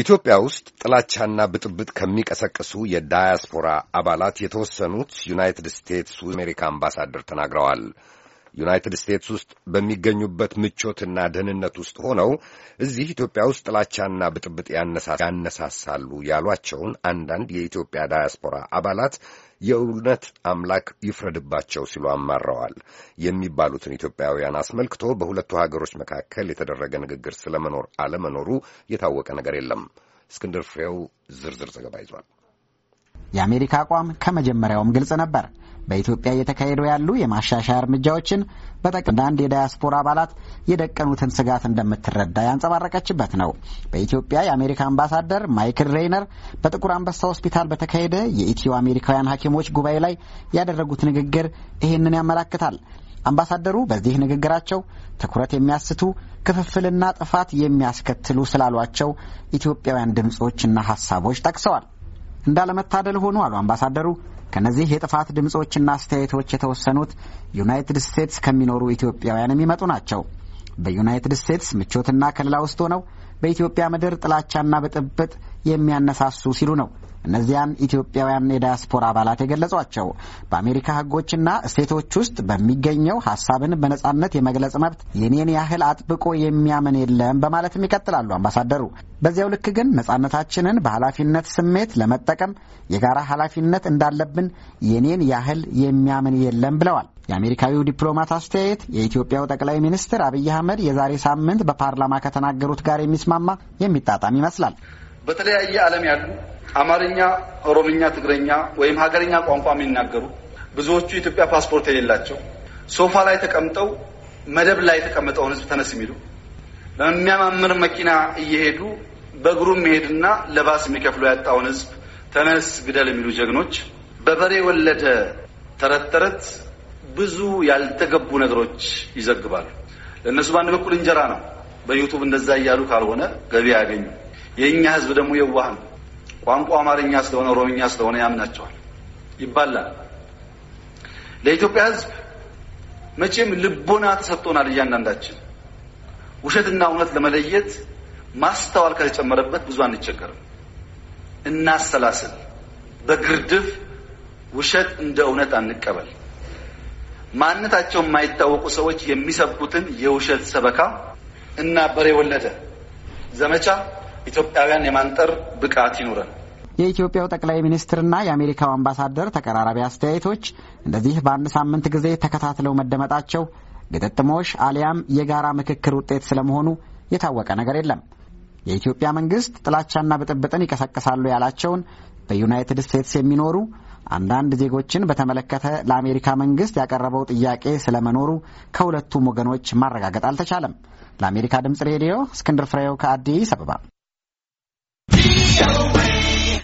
ኢትዮጵያ ውስጥ ጥላቻና ብጥብጥ ከሚቀሰቅሱ የዳያስፖራ አባላት የተወሰኑት ዩናይትድ ስቴትስ አሜሪካ አምባሳደር ተናግረዋል። ዩናይትድ ስቴትስ ውስጥ በሚገኙበት ምቾትና ደህንነት ውስጥ ሆነው እዚህ ኢትዮጵያ ውስጥ ጥላቻና ብጥብጥ ያነሳሳሉ ያሏቸውን አንዳንድ የኢትዮጵያ ዳያስፖራ አባላት የእውነት አምላክ ይፍረድባቸው ሲሉ አማረዋል የሚባሉትን ኢትዮጵያውያን አስመልክቶ በሁለቱ ሀገሮች መካከል የተደረገ ንግግር ስለመኖር አለመኖሩ የታወቀ ነገር የለም። እስክንድር ፍሬው ዝርዝር ዘገባ ይዟል። የአሜሪካ አቋም ከመጀመሪያውም ግልጽ ነበር። በኢትዮጵያ እየተካሄዱ ያሉ የማሻሻያ እርምጃዎችን በጠቅ አንዳንድ የዳያስፖራ አባላት የደቀኑትን ስጋት እንደምትረዳ ያንጸባረቀችበት ነው። በኢትዮጵያ የአሜሪካ አምባሳደር ማይክል ሬይነር በጥቁር አንበሳ ሆስፒታል በተካሄደ የኢትዮ አሜሪካውያን ሐኪሞች ጉባኤ ላይ ያደረጉት ንግግር ይህንን ያመላክታል። አምባሳደሩ በዚህ ንግግራቸው ትኩረት የሚያስቱ ክፍፍልና ጥፋት የሚያስከትሉ ስላሏቸው ኢትዮጵያውያን ድምጾችና ሀሳቦች ጠቅሰዋል። እንዳለመታደል ሆኖ አሉ አምባሳደሩ ከነዚህ የጥፋት ድምፆችና አስተያየቶች የተወሰኑት ዩናይትድ ስቴትስ ከሚኖሩ ኢትዮጵያውያን የሚመጡ ናቸው። በዩናይትድ ስቴትስ ምቾትና ከለላ ውስጥ ሆነው በኢትዮጵያ ምድር ጥላቻና ብጥብጥ የሚያነሳሱ ሲሉ ነው እነዚያም ኢትዮጵያውያን የዳያስፖራ አባላት የገለጿቸው በአሜሪካ ሕጎችና ስቴቶች ውስጥ በሚገኘው ሀሳብን በነጻነት የመግለጽ መብት የኔን ያህል አጥብቆ የሚያምን የለም በማለትም ይቀጥላሉ አምባሳደሩ። በዚያው ልክ ግን ነጻነታችንን በኃላፊነት ስሜት ለመጠቀም የጋራ ኃላፊነት እንዳለብን የኔን ያህል የሚያምን የለም ብለዋል። የአሜሪካዊው ዲፕሎማት አስተያየት የኢትዮጵያው ጠቅላይ ሚኒስትር አብይ አህመድ የዛሬ ሳምንት በፓርላማ ከተናገሩት ጋር የሚስማማ የሚጣጣም ይመስላል። በተለያየ ዓለም ያሉ አማርኛ፣ ኦሮምኛ፣ ትግረኛ ወይም ሀገርኛ ቋንቋ የሚናገሩ ብዙዎቹ የኢትዮጵያ ፓስፖርት የሌላቸው ሶፋ ላይ ተቀምጠው መደብ ላይ የተቀመጠውን ህዝብ ተነስ የሚሉ በሚያማምር መኪና እየሄዱ በእግሩ የሚሄድና ለባስ የሚከፍለው ያጣውን ህዝብ ተነስ ግደል የሚሉ ጀግኖች በበሬ ወለደ ተረት ተረት ብዙ ያልተገቡ ነገሮች ይዘግባሉ። ለእነሱ በአንድ በኩል እንጀራ ነው። በዩቱብ እንደዛ እያሉ ካልሆነ ገቢ አያገኙ። የእኛ ህዝብ ደግሞ የዋህ ነው። ቋንቋ አማርኛ ስለሆነ ኦሮምኛ ስለሆነ ያምናቸዋል፣ ይባላል። ለኢትዮጵያ ሕዝብ መቼም ልቦና ተሰጥቶናል። እያንዳንዳችን ውሸትና እውነት ለመለየት ማስተዋል ከተጨመረበት ብዙ አንቸገርም። እናሰላስል። በግርድፍ ውሸት እንደ እውነት አንቀበል። ማንነታቸው የማይታወቁ ሰዎች የሚሰብኩትን የውሸት ሰበካ እና በሬ ወለደ ዘመቻ ኢትዮጵያውያን የማንጠር ብቃት ይኑረን። የኢትዮጵያው ጠቅላይ ሚኒስትርና የአሜሪካው አምባሳደር ተቀራራቢ አስተያየቶች እንደዚህ በአንድ ሳምንት ጊዜ ተከታትለው መደመጣቸው ግጥጥሞሽ አሊያም የጋራ ምክክር ውጤት ስለመሆኑ የታወቀ ነገር የለም። የኢትዮጵያ መንግስት ጥላቻና ብጥብጥን ይቀሰቅሳሉ ያላቸውን በዩናይትድ ስቴትስ የሚኖሩ አንዳንድ ዜጎችን በተመለከተ ለአሜሪካ መንግስት ያቀረበው ጥያቄ ስለመኖሩ ከሁለቱም ወገኖች ማረጋገጥ አልተቻለም። ለአሜሪካ ድምጽ ሬዲዮ እስክንድር ፍሬው ከአዲስ አበባ